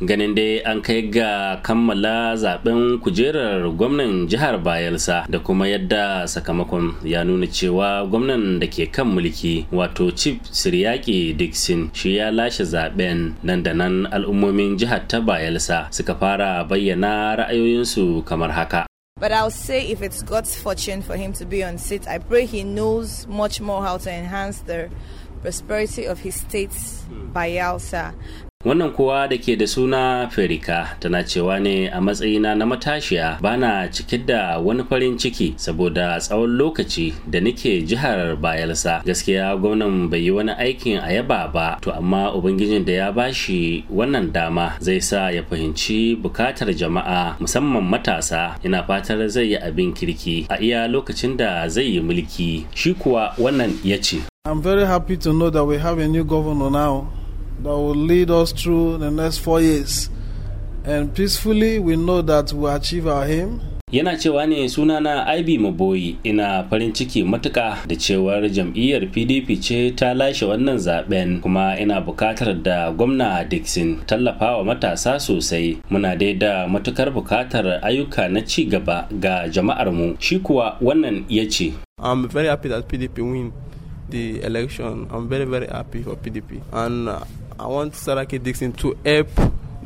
ganin dai an kai ga kammala zaben kujerar gwamnan jihar bayelsa da kuma yadda sakamakon ya nuna cewa gwamnan da ke kan mulki wato chief siriyaki dixon shi ya lashe zaben nan da nan al'ummomin jihar ta bayelsa suka fara bayyana ra'ayoyinsu kamar haka But I'll say if it's God's fortune for him to be on seat, I pray he knows much more how to enhance the prosperity of his state, hmm. Bayelsa, Wannan kowa da ke da suna Ferika tana cewa ne a matsayina na matashiya bana cike da wani farin ciki saboda tsawon lokaci da nake jihar Bayelsa. Gaskiya gwamnan bai yi wani aikin a yaba ba to amma ubangijin da ya bashi wannan dama zai sa ya fahimci bukatar jama'a musamman matasa yana fatar zai yi abin kirki a iya lokacin da zai yi mulki. Shi kuwa wannan ya ce. I'm very happy to know that we have a new governor now. that will lead us through the next four years. And peacefully, we know that we achieve our aim. yana cewa ne sunana ib maboyi ina farin ciki matuka da cewar jam'iyyar pdp ce ta lashe wannan zaben kuma ina bukatar da gwamna dixon tallafawa matasa sosai muna dai da matukar bukatar ayyuka na ci gaba ga jama'armu shi kuwa wannan ya ce i'm very happy that pdp win the election i'm very very happy for pdp and uh, I want Saraki Dixon to help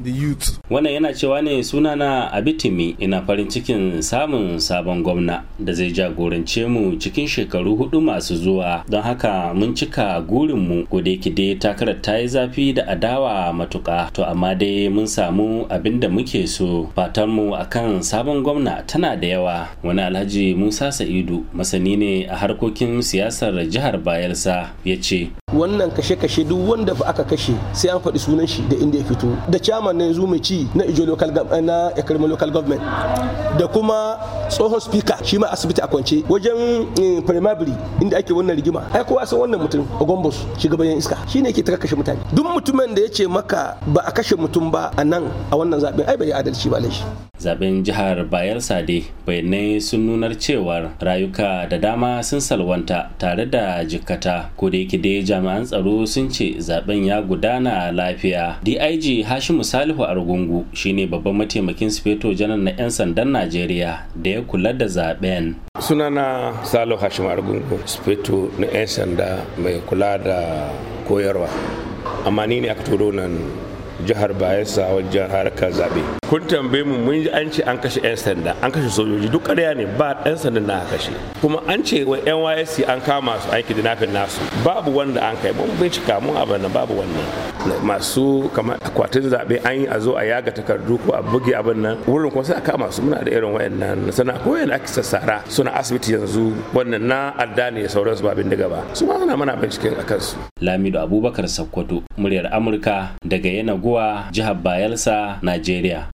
the youth. Wannan yana cewa ne sunana na Abitimi ina farin cikin samun sabon gwamna da zai jagorance mu cikin shekaru hudu masu zuwa don haka mun cika gurinmu ko da yake takarar ta yi zafi da adawa matuka to amma dai mun samu abin da muke so fatan mu akan sabon gwamna tana da yawa wani alhaji Musa Sa'idu masani ne a harkokin siyasar jihar Bayelsa ya ce wannan kashe-kashe duk wanda ba aka kashe sai an faɗi sunan shi da inda ya fito da chairman na yanzu mai ci na ijo local eh, na local government da kuma tsohon speaker shi ma asibiti a kwance wajen eh, primary inda ake wannan rigima ai kowa san wannan mutum gombos shugaban yan iska shine yake ta kashe mutane duk mutumin da ya ce maka ba a kashe mutum ba a nan a wannan zaben ai bai adalci ba laishi zaben jihar bayelsa dai bayanai sun nunar cewar rayuka da dama sun salwanta tare da jikkata ko da yake dai jami'an tsaro sun ce zaben ya gudana lafiya dig hashimu salihu argungu shine babban mataimakin sufeto janar na 'yan sandan najeriya da ya kula da zaben. Sunana Salo Hashim Argungu, Sufeto na 'yan sanda mai kula da koyarwa. Amma ni ne aka turo nan jihar bayelsa wajen harkar zaɓe kun tambaye mu mun ji an ce an kashe 'yan sanda an kashe sojoji duk ƙarya ne ba 'yan sanda na kashe kuma an ce wa nysc an kama su an kidnapping nasu babu wanda an kai mun bincika mun abin babu wannan masu kamar akwatin zaɓe an yi a zo a yaga takardu ko a buge abin nan wurin kuma sai a kama su muna da irin wayannan sana ko yana ake sassara suna asibiti yanzu wannan na adda ne sauransu ba abin daga ba su ma suna mana binciken akan su lamido abubakar sakkwato muryar amurka daga yana Funtuwa, jihar Bayelsa, Najeriya.